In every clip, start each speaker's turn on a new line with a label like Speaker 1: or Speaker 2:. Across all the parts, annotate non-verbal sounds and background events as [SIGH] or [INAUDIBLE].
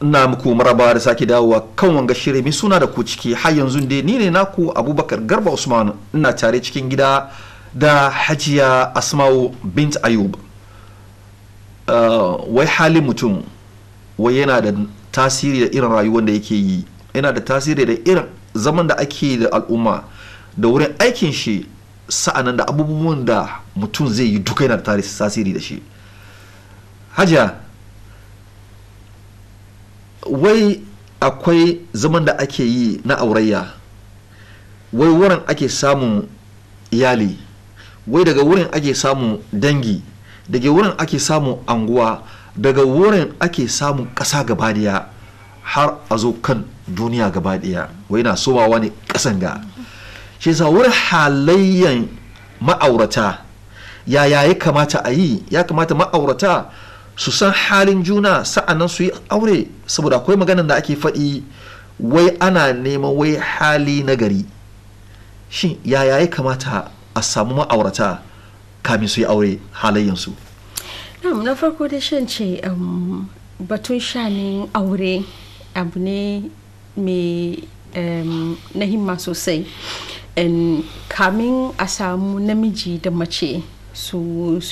Speaker 1: na muku maraba da sake dawowa kan wanga shirin mai suna da ku ciki har yanzu dai ni ne naku abubakar garba usman ina tare cikin gida da hajiya asma'u bint ayub uh, wai halin mutum wai yana da tasiri da irin rayuwar da yake yi yana da tasiri da irin zaman da ake da al'umma da wurin aikin shi sa'anan da abubuwan da mutum zai yi duka yana da tasiri da shi hajiya wai akwai zaman da ake yi na aurayya wai wurin ake samun iyali wai daga wurin ake samun dangi daga wurin ake samun anguwa daga wurin ake samun ƙasa gabaɗaya har a zo kan duniya gabaɗaya wai na soma ne ƙasan ga shi yasa wurin halayyan ma'aurata yaya ya kamata a yi ya kamata ma'aurata su san halin juna sa'annan su yi aure saboda akwai maganan da ake faɗi wai ana neman wai hali na gari shin yaya ya kamata a samu ma'aurata kamin su yi aure halayyansu
Speaker 2: na farko da shan ce um, batun shanin aure abu ne mai um, nahimma sosai um, kamin a samu namiji da mace su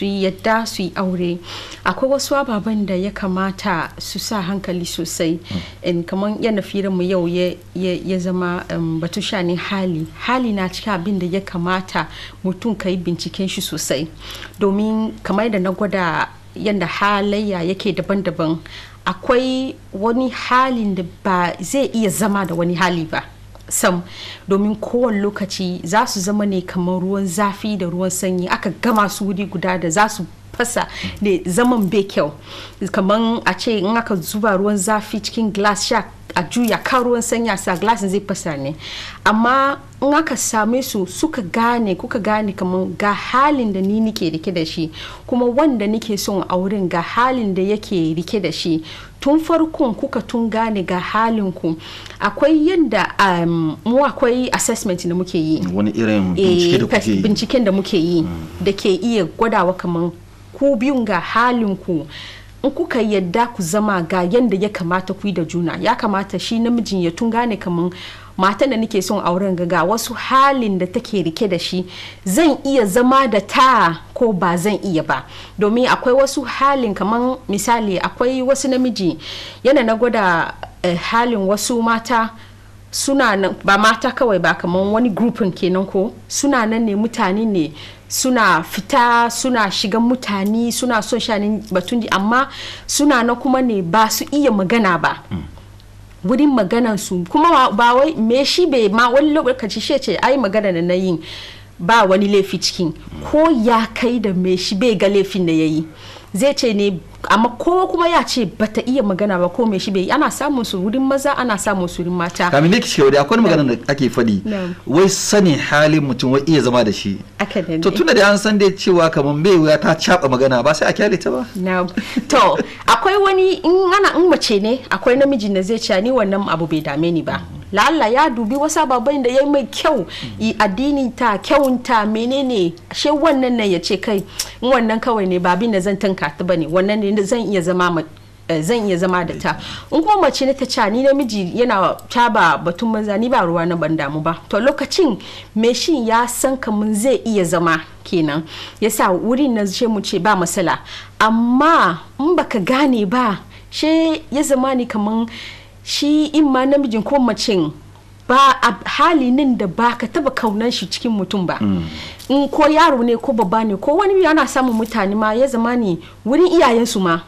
Speaker 2: yi yadda su yi aure akwai wasu ababen da ya kamata su sa hankali sosai hmm. in kamar yana mu yau ya zama um, batu shani hali hali na cikin abin da ya kamata mutum ka yi binciken shi sosai domin kamar da na gwada yadda halayya yake daban-daban akwai wani halin da ba zai iya zama da wani hali ba sam domin kowane lokaci za su zama ne kamar ruwan zafi da ruwan sanyi aka gama su wuri guda da za su fasa ne zaman bai kyau kamar a ce in aka zuba ruwan zafi cikin glass shark a juya kan ruwan sanya sa glasin zai fasa ne amma in aka same su suka gane kuka gane kamar ga halin da ni nike rike da shi kuma wanda nike son auren ga halin da yake rike da shi tun farkon kuka tun gane ga halin ku akwai yadda um, mu akwai assessment da muke yi
Speaker 1: wani irin eh,
Speaker 2: binciken da muke yi mm. da ke iya gwadawa kamar ku biyun ga halin ku in kuka yadda ku zama ga yadda ya kamata ku yi da juna ya kamata shi namijin ya tun gane kaman matan da nake son auren ga wasu halin da take rike da shi zan iya zama da ta ko ba zan iya ba domin akwai wasu halin kaman misali akwai wasu namiji yana na gwada eh, halin wasu mata suna ba mata kawai ba kaman wani grupin kenan ko suna nan ne mutane ne suna fita suna shiga mutane suna son shanin batun amma suna na kuma ne ba su iya magana ba wurin maganan su kuma ba wai me shi be ma wani lokaci shi ce ai magana da na yi ba wani laifi cikin ko ya kai da me shi bai ga laifin da ya yi zai ce ne amma kowa kuma ya ce bata iya magana ba ko mai shi bai ana samun su wurin maza ana samun su wurin mata kamin ne
Speaker 1: kike wuri akwai magana da ake faɗi wai sani halin mutum wai iya zama da shi
Speaker 2: to tunda da an san
Speaker 1: dai cewa kamar bai wuya ta caba magana ba sai a kyale ta ba
Speaker 2: to akwai wani in ana in mace ne akwai namijin da zai ce ni wannan abu bai dame ni ba la'alla ya dubi wasu ababen da ya yi mai kyau addini ta kyawunta menene she wannan nan ya ce kai wannan kawai ne babin da zan tanka ta bane wannan ne zan iya zama eh, zan iya zama da ta in kuma mace na ta ni namiji yana ba batun banza ni ba ruwa na ban damu ba to lokacin me shi ya san kamun zai iya zama kenan yasa wurin nan ce mu ce ba masala amma in baka gane ba she ya zama ni kaman shi in ma namijin ko macin ba a halinin da ba ka taba kaunan shi cikin mutum ba mm. in ko yaro ne ko babba ne ko wani yana samun mutane ma ya zama ne wurin iyayensu ma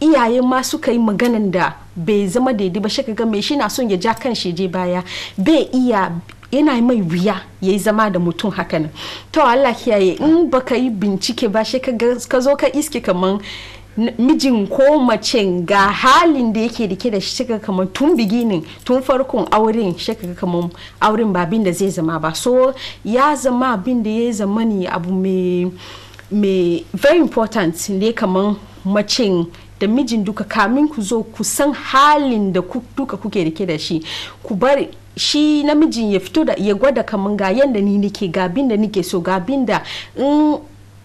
Speaker 2: iyaye ma suka yi maganan da bai zama daidai ba shi ga mai shi na son ya ja kan shi je baya bai iya yana mai wuya ya yi zama da mutum hakan to Allah kiyaye in baka yi bincike ba shi ka zo ka iske kaman mijin ko mace ga halin da yake dake da shi shiga kamar tun biginin tun farkon auren shiga kamar auren ba abin da zai zama ba so ya zama abin da ya zama ne abu mai very important ne kamar macen da mijin duka kamin ku zo ku san halin da duka kuke dake da shi ku bari shi namijin ya fito da ya gwada kamar ga yadda ni nike ga abin da nike so ga abin da in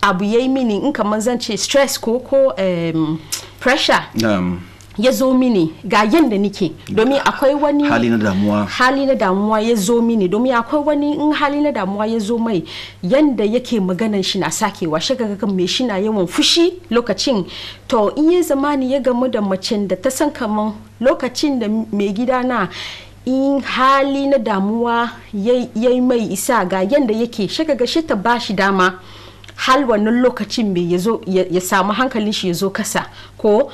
Speaker 2: abu ya yi mini in kamar zan ce stress ko ko um, pressure um. ya zo mini ga yadda nike domin akwai wani hali na damuwa hali na damuwa ya zo mini domin akwai wani in hali na damuwa ya zo mai yadda yake maganan shi na sakewa shi ga me shi na yawan fushi lokacin to in ya zamani ya gamu da macen da ta san kaman lokacin da mai gida na in hali na damuwa ya yi mai isa ga yadda yake shi ga shi ta bashi dama har wannan lokacin mai ya samu hankalin shi ya zo kasa ko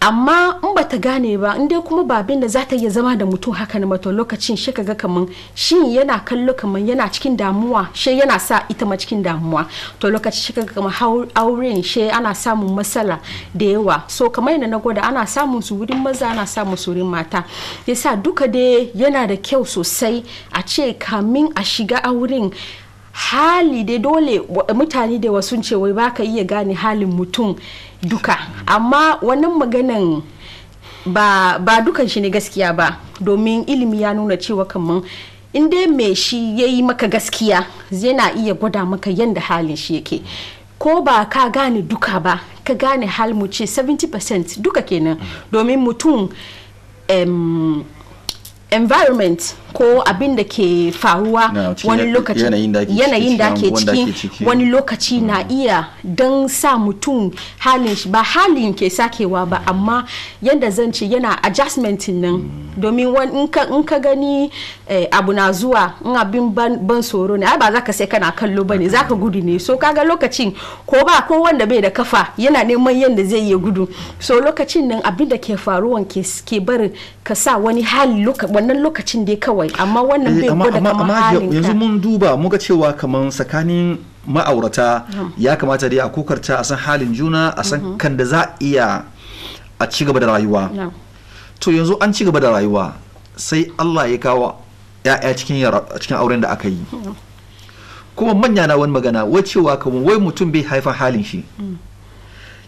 Speaker 2: amma in bata gane ba in dai kuma babin da za ta iya zama da mutum haka na mata lokacin shi ga kaman shi yana kallo kaman yana cikin damuwa shi yana sa ita ma cikin damuwa to lokacin shi ga kaman auren shi ana samun matsala da yawa so kamar yana na gwada ana samun su wurin maza ana samun su wurin mata yasa duka dai yana da kyau sosai a ce kamin a shiga auren hali dai dole mutane da wasu ce wai baka iya gane halin mutum duka amma wannan maganan ba, ba dukan shi ne gaskiya ba domin ilimi ya nuna cewa kamar inda dai mai shi ya yi maka gaskiya zai na iya gwada maka yadda halin shi yake ko ba ka gane duka ba ka gane hal mu ce 70% duka kenan domin mutum environment ko abin da ke faruwa wani lokaci yanayin da ke ciki wani lokaci na mm. iya don sa mutum halin shi ba halin ke sakewa ba amma yadda zan ce yana adjustment nan mm. domin in ka gani eh, abu na zuwa in abin ban tsoro ne ba za ka sai kana kallo ba ne za ka gudu ne so kaga lokacin ko ba ko wanda bai da kafa yana neman yadda zai iya gudu so lokacin nan abin da ke faruwan ke bar ka sa wani hali wannan lokacin dai kawai amma wannan bai eh, gwada kamar halin yanzu
Speaker 1: mun duba muga cewa kamar tsakanin ma'aurata hmm. ya kamata dai a kokarta a san halin juna a san hmm. kan da za a iya a ci gaba da rayuwa to yanzu an ci gaba da rayuwa sai Allah ya kawo ya'ya cikin cikin auren da aka yi hmm. kuma manya na wani magana wai cewa kamar wai mutum bai haifan halin shi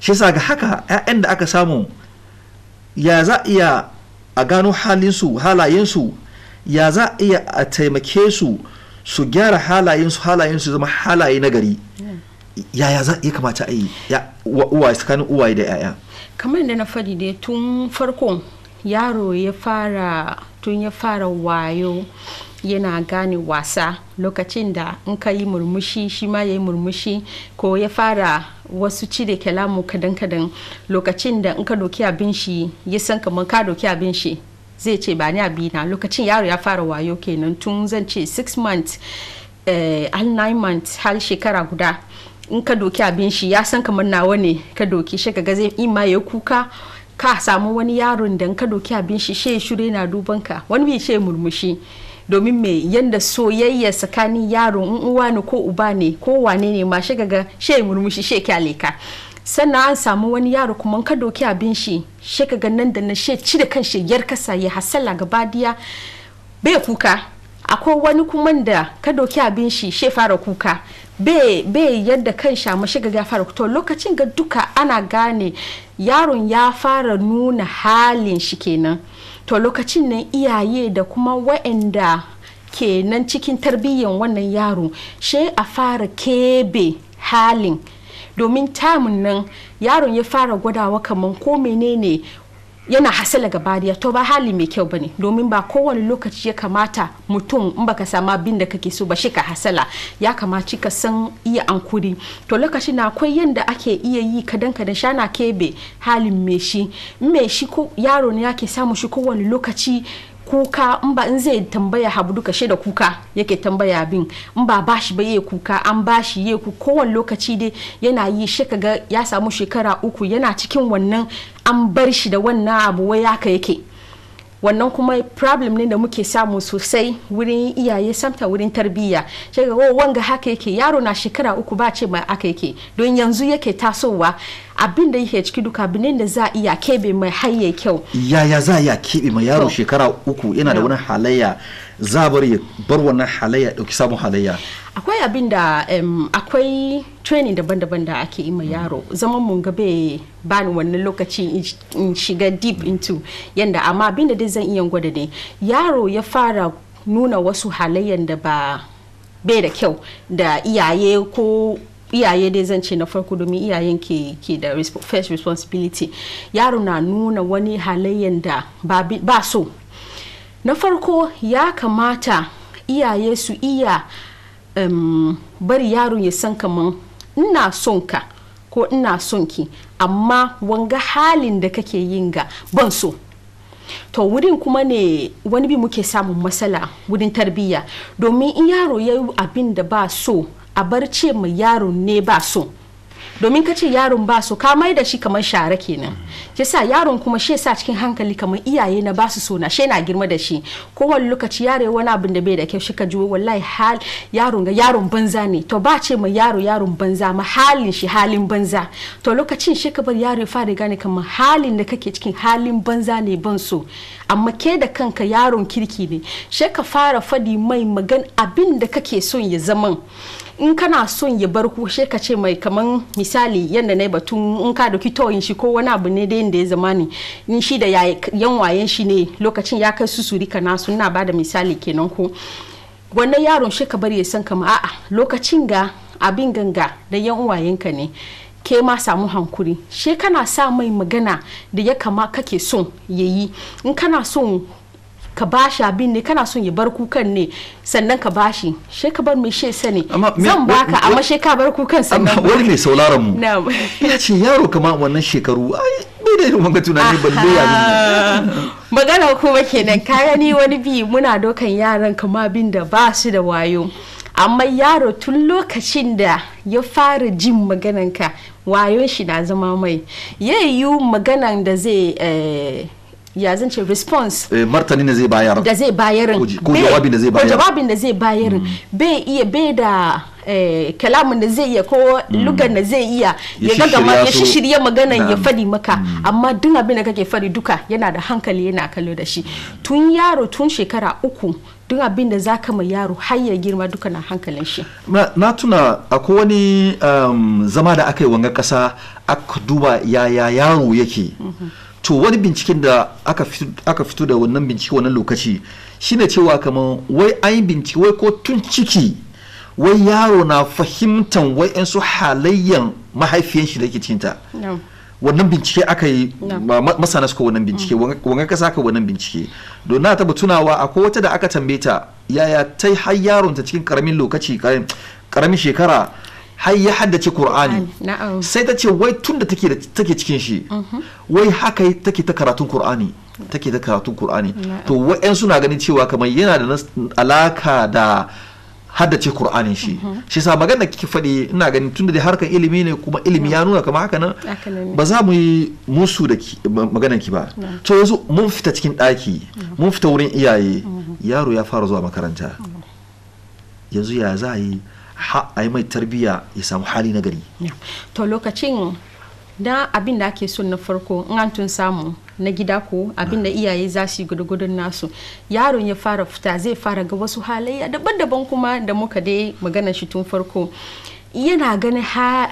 Speaker 1: shi sa ga haka 'ya'yan da aka samu ya za iya a gano halinsu halayensu ya za a iya a taimake su su gyara halayensu halayensu zama halaye na gari yaya za a iya kamata a yi uwaye tsakanin uwaye da yaya
Speaker 2: kamar da na faɗi dai tun farko yaro ya fara tun ya fara wayo yana gane wasa lokacin da in ka yi murmushi shi ma ya yi murmushi ko ya fara wasu cire kalamu kadan-kadan lokacin da in ka doki abin shi ya san kamar ka doki abin shi zai ce ba ni abina lokacin yaro ya fara wayo kenan tun zan ce 6 months eh, al 9 months har shekara guda in ka doki abin shi ya san kamar nawa ne ka doki shi ga zai ma ya kuka ka samu wani yaron da ka doki abin shi shi shure na duban ka wani bai ce murmushi domin mai yadda soyayya tsakanin yaro in uwa ne ko uba ne ko wane ne ma shi gaga she murmushi she kyale sannan an samu wani yaro kuma ka doki abin shi she nan da na she cire kan she yar kasa ya hasala ga badiya bai kuka akwai wani kuma da ka doki abin shi she fara kuka bai yadda kan ma shiga ya fara to lokacin ga duka ana gane yaron ya fara nuna halin shi kenan to lokacin nan iyaye da kuma wa'anda ke nan cikin tarbiyyan wannan yaro she a fara kebe halin domin tamun nan yaron ya fara gwadawa kaman ko menene yana hasala gaba bariya to ba hali mai kyau bane domin ba kowane lokaci ya kamata mutum in baka samu abin da kake so ba shi ka hasala ya kamaci ka san iya ankuri to lokaci na akwai yanda ake iya yi kadan kadan shana kebe halin mai shi mai shi ko yaro ne yake samu shi kowane lokaci kuka in ba in zai tambaya habu duka da kuka yake tambaya abin in ba bashi ba kuka an bashi ya ku kowane lokaci dai yana yi shi kaga ya samu shekara uku yana cikin wannan an bar shi da wannan abu wai haka yake wannan kuma problem ne da muke samu sosai wurin iyaye samta wurin tarbiyya shi ga oh, wanga haka yake yaro na shekara uku ba ce ma aka yake don yanzu yake tasowa abin da yake ciki duka abin da za a iya kebe mai hayye kyau
Speaker 1: yaya za a iya kebe mai yaro shekara uku yana da wani halayya za bar ya bar wannan halayya dauki sabon halayya
Speaker 2: akwai abin da akwai training daban-daban da ake yi ma mm. yaro zaman mun gabe bani wannan lokaci in shiga deep into yanda amma abin da dai zan iya gwada ne yaro ya fara nuna wasu halayyan da ba bai da kyau da iyaye ko iyaye dai zan ce na farko domin iyayen ke da first responsibility yaro na nuna wani halayen da ba so na farko ya kamata iyaye su iya um, bari yaro ya san kaman ina son ka ko ina son ki amma wanga halin da kake yin ga ban so to wurin kuma ne wani bi muke samun matsala wurin tarbiyya domin yaro ya yi abin da ba so a bar ce mu yaron ne ba so domin ka ce yaron ba so ka mai da shi kamar share kenan ke sa yaron kuma shi sa cikin hankali kamar iyaye na ba su so na shi na girma da shi kowane lokaci yare wani abin da bai da kyau shi ka ji wallahi hal yaron ga yaron banza ne to ba ce yaro yaron banza ma halin shi halin banza to lokacin shi ka bar yaro ya fara gane kamar halin da kake cikin halin banza ne ban so amma ke da kanka yaron kirki ne shi ka fara fadi mai magan abin da kake son ya zaman in kana son ya bar ku ka ce mai kaman misali yadda na batun in ka da kitoyin shi ko wani abu ne da ya zama ne in shi da yan wayen shi ne lokacin ya kai susuri ka nasu ba da misali kenan ko wannan yaron shi ka bari ya san kama a'a lokacin ga abin ganga da yan ka ne ke ma samu hankuri she kana sa mai magana da ya kama kake son yayi in kana son ka ba shi abin ne kana son ya bar kukan ne sannan ka shi shi ka bar mai she sani zan baka amma shi ka bar kukan sannan wani mai sauraron mu
Speaker 1: ya ce yaro kama wannan shekaru bai da irin wanga ne balle ya
Speaker 2: magana kuma kenan kaya ni wani bi muna dokan yaran kama abin da ba su da wayo amma yaro tun lokacin da ya fara jin ka wayon shi na zama mai yayi maganan da zai eh, ya zan ce response
Speaker 1: eh, martani da zai bayar da zai
Speaker 2: bayarin ko jawabin da zai bayar ko hmm. jawabin da zai bayarin bai iya bai da kalamun da zai iya ko hmm. lugan da zai iya ya ga gama ya shirye maganan ya fadi maka hmm. amma duk abin da kake fadi duka yana da hankali yana kallo da shi tun yaro tun shekara uku duk abin da za ka mai yaro har ya girma duka na hankalin shi
Speaker 1: na tuna akwai wani um, zama da aka yi wanga kasa aka duba yaya yaro yake mm -hmm. to wani binciken da aka fito da wannan bincike wannan lokaci shine cewa kamar wai an yi bincike wai ko tun ciki wai yaro na fahimtan wai yan su halayyan mahaifiyan shi da ke cinta wannan bincike aka yi masana suka wannan bincike mm. wani kasa aka wannan bincike don na taba tunawa akwai wata da aka tambaye ta yaya ta yi har yaron ta cikin karamin lokaci karamin shekara har ya haddace kur'ani sai ta ce wai tun da take cikin shi mhm. wai haka take ta karatun kur'ani take ta karatun Qur'ani to wa'yan suna ganin cewa kamar yana da alaka da haddace kur'ani shi mhm. shi sa magana kike faɗi ina ganin tun da harkar ilimi ne kuma ilimi ya nuna kamar haka nan ba za mu yi musu da maganar ki ba to yanzu mun fita cikin ɗaki mhm. mun fita wurin iyaye yaro ya fara zuwa makaranta yanzu ya za a yi ha a yi mai tarbiyya ya samu hali na gari
Speaker 2: to lokacin da abin da ake son na farko in an tun samu na gida ko abin da iyaye za su yi gudugudun nasu yaron ya fara fita zai fara ga wasu halayya daban-daban kuma da muka dai magana shi tun farko yana ganin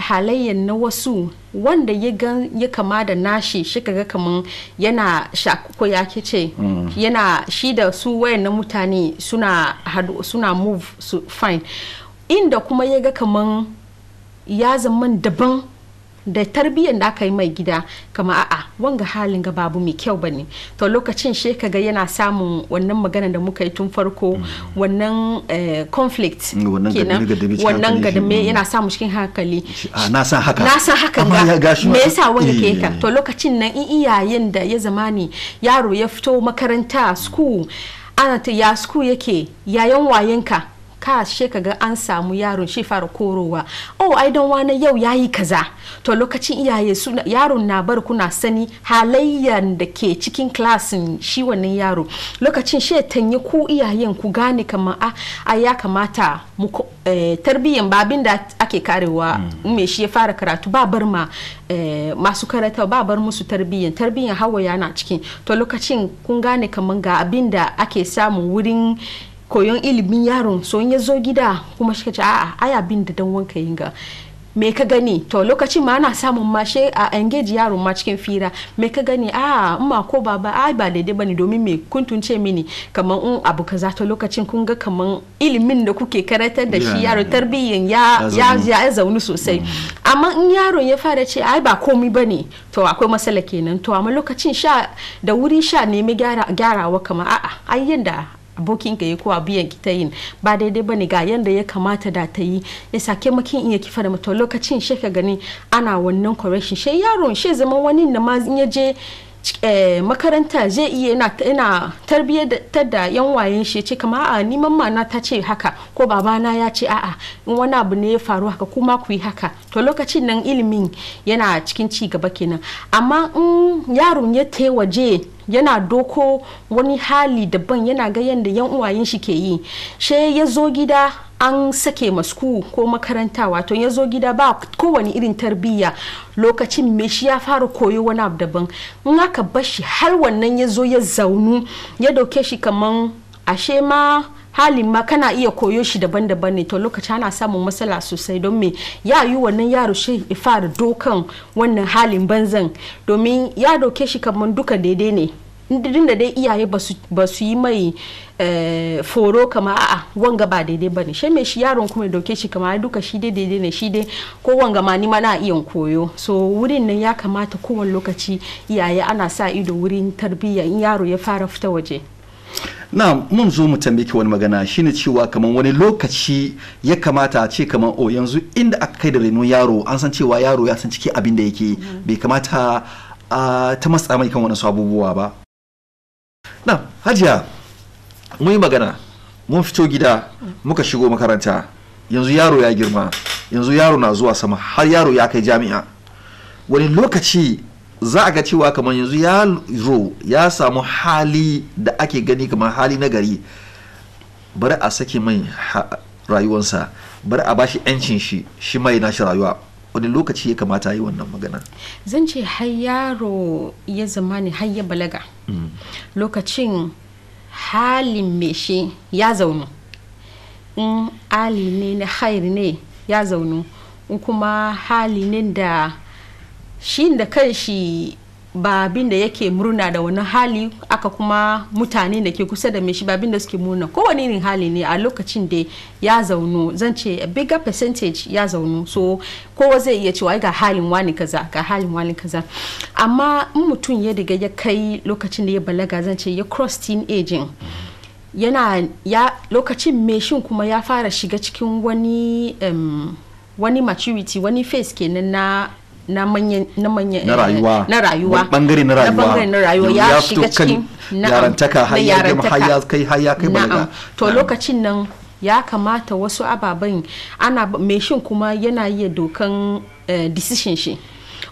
Speaker 2: halayyan na wasu wanda ya kama da nashi shi ga kaman yana shako ya ce mm. yana shi da su wayan na mutane suna move su fine inda kuma ya ga kaman ya zaman daban da tarbiyyar da aka yi mai gida kama a'a wanga halin ga babu mai kyau bane to lokacin she ga yana samun wannan magana da muka yi tun farko mm. wannan eh, conflict
Speaker 1: mm, kenan wannan gadame yana
Speaker 2: samun cikin hankali
Speaker 1: na san haka na san haka ga me yasa wani ke ka eh. to
Speaker 2: lokacin nan in iyayen da ya zamani yaro ya fito makaranta school ana ta ya school yake yayan wayenka ka she ga an samu yaron shi fara korowa oh ai dan wani yau yayi kaza to lokacin iyaye su yaron na bar kuna sani halayyan da ke cikin klasin shi wannan yaro lokacin she tanyi ku iyayen ku gane kamar a ah, ai ya kamata mu eh, tarbiyyan babin da ake karewa mm. me shi ya fara karatu ba bar ma eh, masu karatu ba bar musu tarbiyyan tarbiyyan hawa yana cikin to lokacin kun gane kamar ga abinda ake samu wurin koyon ilimin yaron so in ya zo gida kuma shi ce a'a ai abin da dan wanka yinga me ka gani to lokacin ma ana samun mashe a engage yaron ma cikin fira me ka gani a ma ko baba ai ba daidai bane domin me kun tunce mini kaman in abu kaza to lokacin kun ga kaman ilimin da kuke karatar da shi yaro tarbiyyan ya ya ya zaunu sosai mm. amma in yaron ya fara ce ai ba komai bane to akwai matsala kenan to amma lokacin sha da wuri sha nemi gyarawa kamar a'a ai yanda abokin ka yi ko biyan ki ta yin ba daidai bane ga yanda ya kamata da ta yi ya sake makin iya kifa da mutum lokacin shi ka gani ana wannan correction shi yaron shi zama wani na ma in ya je eh, makaranta zai iya yana tarbiyyar da yan wayen shi ce kama a ni mamma na ta ce haka ko babana ya ce a'a in wani abu ne ya faru haka kuma ku yi haka to lokacin nan ilimin yana cikin ci gaba kenan amma in yaron ya te waje yana doko wani hali daban yana ga yadda yan uwayen shi ke yi she ya zo gida an sake masku ko makaranta wato ya zo gida ba kowane irin tarbiyya lokacin me shi ya fara koyo wani abu daban in aka bashi har wannan ya zo ya zaunu ya dauke shi kaman ashe ma halin ma kana iya koyo shi daban-daban ne to lokaci ana samun matsala sosai don me ya yi wannan yaro shi ya fara dokan wannan halin banzan domin ya doke shi kamar duka daidai ne din da dai iyaye ba su yi mai eh, foro kama a'a wanga ba daidai ba ne shi mai shi yaron kuma ya shi kama duka shi dai daidai ne shi dai ko wanga ma nima na iya koyo so wurin nan ya kamata kowane lokaci iyaye ana sa ido wurin tarbiyya in yaro ya fara fita waje
Speaker 1: na mun zo mu tambaye wani magana shine cewa kamar wani lokaci ya kamata a ce kamar o oh, yanzu inda aka kai da renon yaro an san cewa yaro ya san ciki abin da yake mm-hmm. bai kamata a ta matsa mai kan waɗansu abubuwa ba na hajiya mun yi magana mun fito gida mm. muka shigo makaranta yanzu yaro ya girma yanzu yaro na zuwa sama har yaro ya kai jami'a wani lokaci za a ga cewa kamar yanzu ya zo ya samu hali da ake gani kamar hali na gari bari a sake mai rayuwarsa bari a bashi 'yancin shi shi mai nashi rayuwa wani lokaci ya kamata yi wannan
Speaker 2: magana zan ce har yaro ya zama ne har ya balaga mm. lokacin halin me shi ya zaunu in ali ne na hair ne ya zaunu in kuma hali ne da shi da kanshi ba abin da yake murna da wani hali aka kuma mutane da ke kusa da mai shi ba abin da suke murna kowane irin hali ne a lokacin da ya zaunu zan ce a bigger percentage ya zaunu so kowa zai iya cewa ga halin wani kaza ga halin wani kaza amma in mutum ya daga ya kai lokacin da ya balaga zan ce ya cross teen aging yana ya lokacin mai shin kuma ya fara shiga cikin wani wani maturity wani face kenan na na manyan na eh, rayuwa na rayuwa bangare na rayuwa bangare na rayuwa ya shiga cikin yarantaka har ya har ya kai
Speaker 1: har ya kai balaga
Speaker 2: to lokacin nan ya kamata wasu ababen ana mai shin kuma yana iya dokan eh, decision shi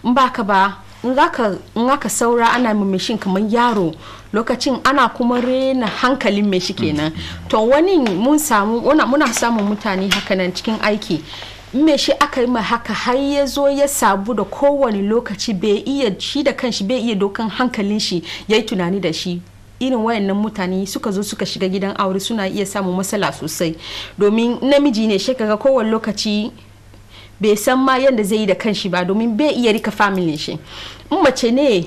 Speaker 2: in ba ka ba in aka saura ana shin kamar yaro lokacin ana kuma rena hankalin mai shi kenan mm. to wani mun samu muna samun mutane hakanan cikin aiki me shi aka yi ma haka har ya zo ya sabu da kowane lokaci bai iya shi da kanshi bai iya dokan hankalin shi ya yi tunani da shi irin wayannan mutane suka zo suka shiga gidan aure suna iya samun matsala sosai domin namiji ne shi kaga kowane lokaci bai san ma yadda zai yi da kanshi ba domin bai iya rika familin shi in mace ne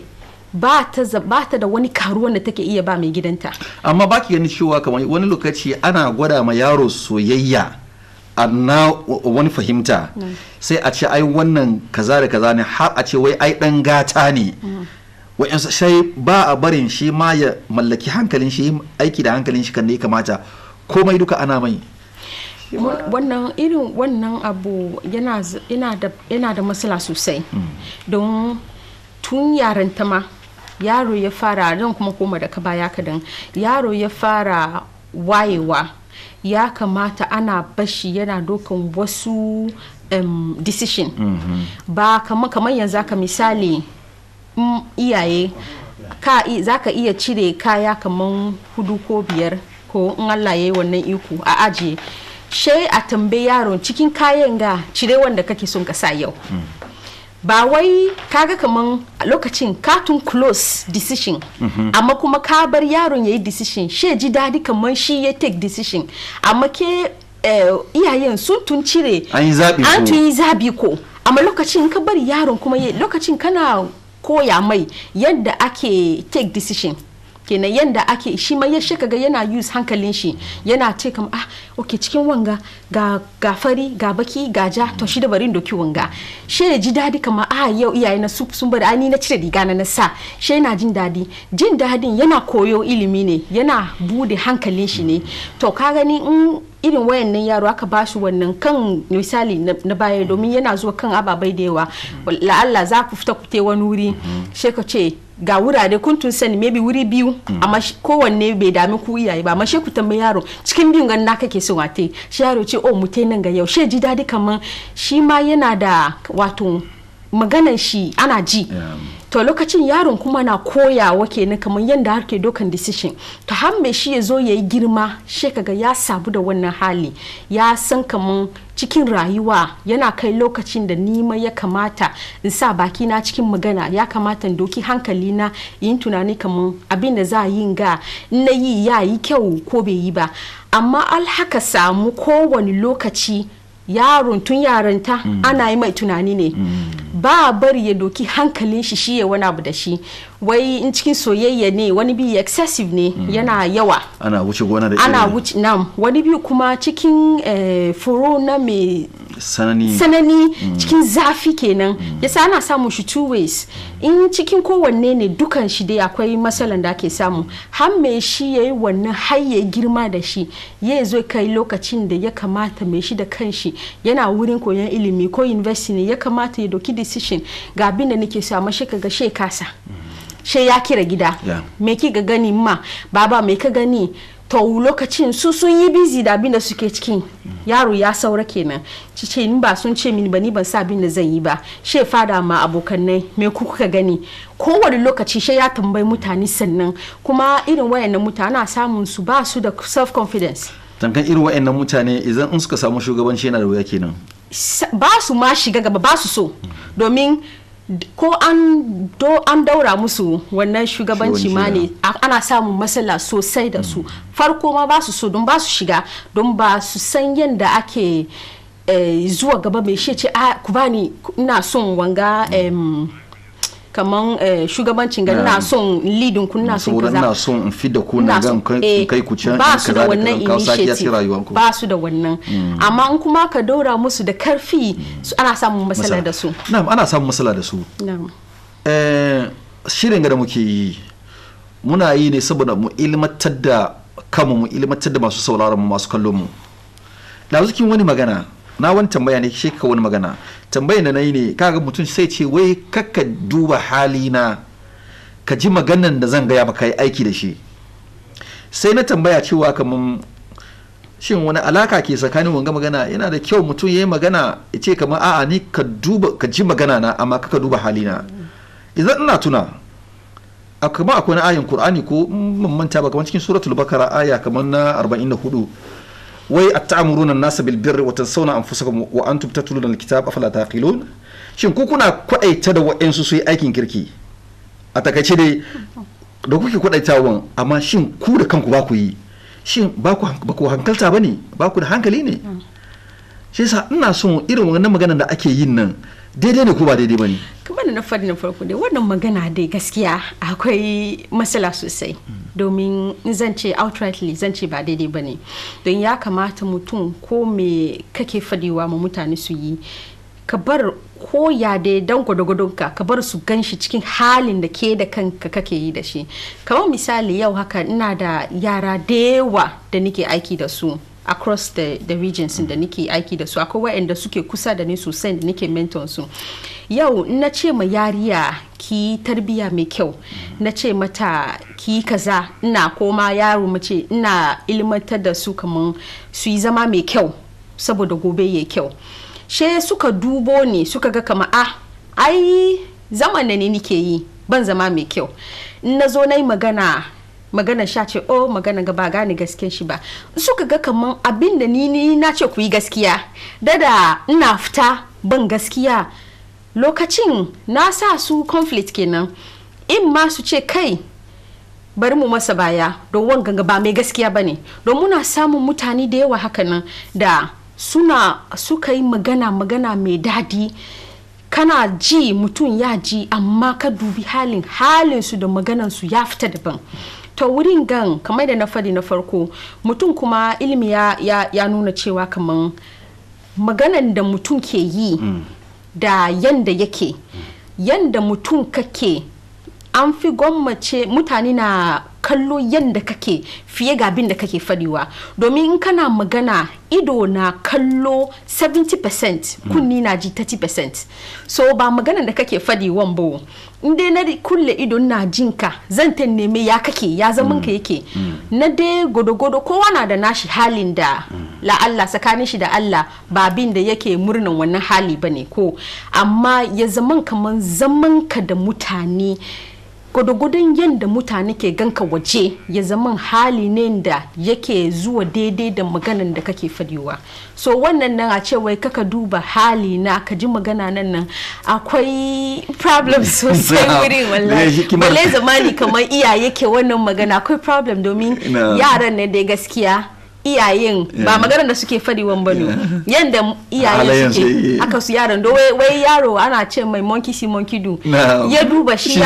Speaker 2: ba ta da wani karuwan da take iya ba mai gidanta
Speaker 1: amma baki ganin cewa kamar wani lokaci ana gwada ma yaro soyayya anna na wani fahimta sai a ce ai wannan kaza da kaza ne har a ce wai ai dan gata ne wa'yansu sai ba a barin shi ma ya mallaki hankalin shi aiki da hankalin shi kan ne kamata komai duka ana mai
Speaker 2: wannan irin wannan abu yana da matsala sosai hmm. don tun ta ma yaro ya fara ran kuma koma da ka baya kadan yaro ya fara wayewa ya kamata ana bashi yana dokan wasu um, decision mm -hmm. ba kamar kama yanzu aka misali mm, iyaye ka za ka iya cire kaya kamar hudu ko biyar ko in Allah ya yi wannan iko a ajiye shai a tambayi yaron cikin kayan ga cire wanda kake son ka sa yau hmm. ba wai kaga kaman a lokacin katun close decision mm -hmm. amma kuma ka bar yaron yayi yi decision she ji daɗi kaman shi ya take decision amma ke eh, iyayen sun tun cire an yi zabi ko amma lokacin ka bar yaron kuma lokacin kana koya mai yadda ake take decision kenan yanda ake shi ma ya shi kaga yana use hankalin shi yana ce kam ah okay cikin wanga ga ga fari ga baki ga ja to shi da bari doki wanga shi ya ji dadi kamar ah yau iyaye na su sun bari ani na cire riga na na sa shi yana jin dadi jin dadin yana koyo ilimi ne yana bude hankalin shi ne to ka gani in irin wayannan yaro aka ba shi wannan kan misali na baya domin yana zuwa kan ababai da yawa la'alla za ku fita ku te wani wuri mm-hmm. sai ka ga wurare kun tun sani maybe wuri biyu hmm. amma kowanne bai dami ku iyaye ba amma ku tambayi yaro cikin biyun gan na kake so wate shi yaro ce oh mu nan ga yau she ji dadi kaman shi ma yana da wato maganan shi ana ji to lokacin yaron kuma na koyawa kenan kamar yadda har ke dokan decision to har mai shi ya zo ya yi girma she kaga ya sabu da wannan hali ya san kamar cikin rayuwa yana kai lokacin da nima ya kamata in sa baki na cikin magana ya kamata in doki hankali na yin tunani kamar abin da za a yi ga na yi ya yi kyau ko bai yi ba amma alhaka samu kowane lokaci yaron tun yaranta mm. ana yi mai tunani ne mm. ba bari ya doki hankalin shi shi ya wani abu da shi wai in cikin soyayya ne wani bi excessive ne mm. yana yawa
Speaker 1: ana wuce gona da ana wuce
Speaker 2: nam wani bi kuma cikin eh, furo na mai
Speaker 1: sanani, sanani
Speaker 2: mm. cikin zafi kenan mm. yasa ana samun shi two ways in cikin kowanne ne dukan shi dai akwai matsalan da ake samu har mai shi yayi yi wannan har ya girma da shi ya zo kai lokacin da ya kamata mai shi da kanshi yana wurin koyon ilimi ko university ne ya kamata ya doki decision ga abin da nake samu shi kaga she kasa she ya kira gida me kika gani ma baba me ka gani to lokacin su sun yi bizi da abin da suke cikin yaro ya saura kenan ci ce ni ba sun ce mini ba ni ban sa abin da zan yi ba she fada ma abokanai me ku kuka gani kowane lokaci she ya tambayi mutane sannan kuma irin wayannan mutane ana samun su ba su da self confidence
Speaker 1: tankan irin wayannan mutane idan in suka samu shugabanci yana da wuya kenan
Speaker 2: ba su ma shiga gaba ba su so mm. domin ko an do an daura musu wannan shugabanci ma ne ana samun matsala sosai da su mm. farko ma ba su so don ba su shiga don ba su san yadda ake eh, zuwa gaba mai shi ce a ah, ku bani ina son wanga kaman eh, shugabancin ga na son lidin ku na son kaza ina
Speaker 1: son in da ku na gan eh, kai ku can ba su da wannan initiative ba su
Speaker 2: da wannan mm. amma in kuma ka daura musu da karfi ana samun matsala da su
Speaker 1: na'am ana samun matsala da su na'am eh shirin da muke yi muna yi ne saboda mu ilmantar da kanmu mu ilmantar da masu sauraron mu masu kallon mu da cikin wani magana na wani tambaya ne shi ka wani magana tambayar da na yi ne kaga mutum sai ce wai kakka duba halina ka ji maganan da zan gaya maka aiki da shi sai na tambaya cewa kamar shin wani alaka ke tsakanin wanga magana yana da kyau mutum ya yi magana ya ce kamar a'a ni ka duba ka ji magana na amma kaka duba halina idan ina tuna kamar akwai na ayin qur'ani ko mun manta ba kamar cikin suratul bakara aya kamar na 44 wai a an-nasa bil birri wa tansawna anfusakum wa antum tatluna al-kitaba afala taqilun shin ku kuna kwadaita da wa'ansu su yi aikin kirki a takaice dai da kuke wa amma shin ku da kanku ba ku yi shin ba ku hankalta bane ba ku da hankali ne shi sa ina son irin wannan maganar da ake yin nan daidai ne ko ba daidai bane
Speaker 2: kamar na faɗi na farko dai wannan magana dai gaskiya akwai matsala sosai domin zan ce outrightly zan ce ba daidai bane don ya kamata mutum ko me kake fadewa ma mutane su yi ka bar ko ya da dan gwadogwadonka ka bar su gan shi cikin halin da ke da kanka kake yi da shi kamar misali yau haka ina da yara da yawa da nake aiki da su across the, the regions da nake aiki da su akwai waɗanda suke kusa da ni sosai da nake mentor su yau na ce ma yariya ki tarbiya mai kyau na ce mata ki kaza ina koma yaro mace ina ilmantar da su kaman su yi zama mai kyau saboda gobe ya kyau she suka dubo ne suka ga kama a ah, ai zaman ne nike yi ban zama mai kyau in na zo na yi magana magana sha ce oh magana ga ba gane gasken shi ba suka ga kaman abin da ni na ce ku yi gaskiya dada ina fita ban gaskiya lokacin na sa su conflict kenan in ma su ce kai bari mu masa baya don wanganga ba mai gaskiya ba ne don muna samun mutane da yawa hakanan da suna suka yi magana magana mai daɗi. kana ji mutum ya ji amma ka dubi halin halinsu da maganan su ya fita daban ta wurin gan kamar da na faɗi na farko mutum kuma ilimi ya, ya, ya nuna cewa kamar maganan da mutum ke yi mm. da yanda yake yanda mutum kake an fi gwammace mutane na kallo yadda kake fiye ga abin da kake fadiwa domin in kana magana ido na kallo 70% mm. kunni na ji 30% so ba magana da kake fadiwan ba in na kulle ido na jinka zan ta neme ya kake ya zaman ka mm. yake mm. na dai godogodo kowa na da nashi halin da la Allah tsakanin shi da Allah ba abin da yake murnan wannan hali bane ko amma ya zaman kaman zaman ka da mutane gudugudun yadda mutane ke ganka waje ya zama hali ne da yake zuwa daidai da maganan da kake fadiwa so wannan nan a ce kaka duba hali na ka ji magana nan nan akwai problem [LAUGHS] sosai wuri wallahi eh, balle zamani kamar iyaye ke wannan magana akwai problem domin yaran ne dai gaskiya iyayen ba maganar da suke fadi wan bane yadda iyayen suke aka su yaron do wai yaro ana ce mai monkey si monkey do ya duba shi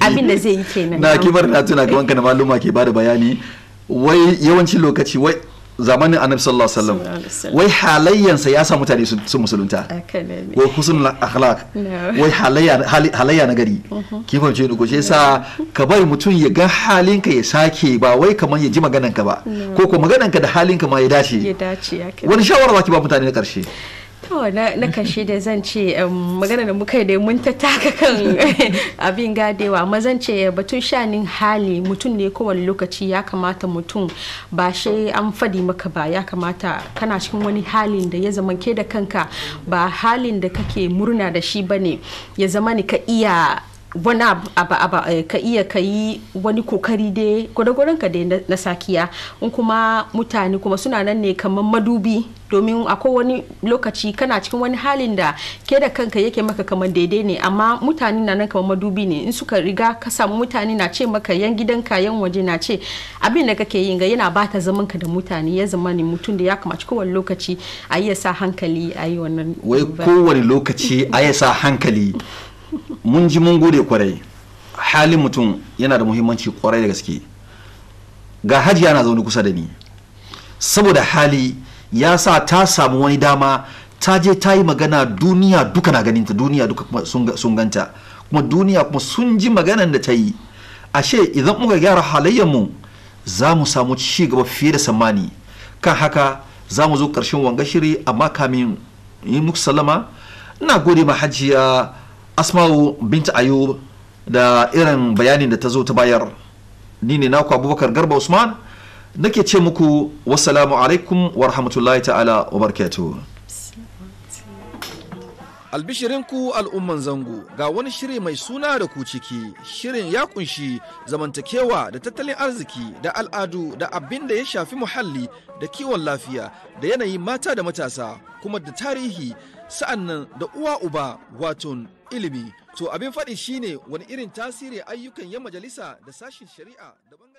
Speaker 2: abin da zai yi kenan na kibar na tuna kaman
Speaker 1: kana maluma ke bada bayani wai yawancin lokaci wai zamanin annabi sallallahu alaihi wasallam wai halayyansa ya sa mutane su musulunta wai husnul akhlaq wai halayya halayya na gari mhm. ki fahimce ni ko shi yasa ka bari mutum ya ga halinka ya sake ba wai kaman ya ji maganan ka ba ko ko maganan ka da halinka ma ya dace ya
Speaker 2: dace wani shawara
Speaker 1: ba ki ba mutane na karshe
Speaker 2: to na kashe da zan ce um, magana da muka da mun ta taka kan [LAUGHS] abin gadewa amma zan ce batun shanin hali mutum ne kowane lokaci ya kamata mutum ba shi an fadi maka ba ya kamata kana cikin wani halin da ya zama ke da kanka ba halin da kake murna da shi bane ya zama ne ka iya wani abu eh, ka iya ka yi wani kokari dai gwargwaron ka dai na sakiya in kuma mutane kuma suna nan ne kamar madubi domin akwai wani lokaci kana cikin wani halin da ke da kanka yake maka kamar daidai ne amma mutane na nan kamar madubi ne in suka riga ka samu mutane na ce maka yan gidan ka yan waje na ce abin da kake yin ga yana bata zaman ka da mutane ya zama ne mutum da ya kamaci kowane lokaci a iya sa hankali a yi wannan wai kowane
Speaker 1: lokaci a iya sa hankali mun ji mun gode kwarai halin mutum yana da muhimmanci kwarai da gaske ga hajiya na zaune kusa da ni saboda hali ya sa ta samu wani dama ta je ta yi magana duniya duka na ganinta duniya duka kuma sun ganta kuma duniya kuma sun ji maganan da ta yi ashe idan muka gyara halayyarmu za mu samu ci gaba fiye da sammani kan haka za mu zo ƙarshen wanga shiri amma kamin yi muku sallama ina gode ma hajiya asma'u binta ayub da irin bayanin da ta zo ta bayar ni ne naku abubakar garba usman nake ce muku wasalamu alaikum wa rahmatullahi ta'ala wa barakatuh ku al'umman zango ga wani shiri mai suna da ku ciki shirin ya kunshi zamantakewa da tattalin arziki da al'adu da abin da ya shafi muhalli da kiwon lafiya da yanayi mata da matasa kuma da tarihi sa'an nan da uwa uba waton ilimi to abin faɗi shine wani irin tasiri ayyukan 'yan majalisa da sashin shari'a daban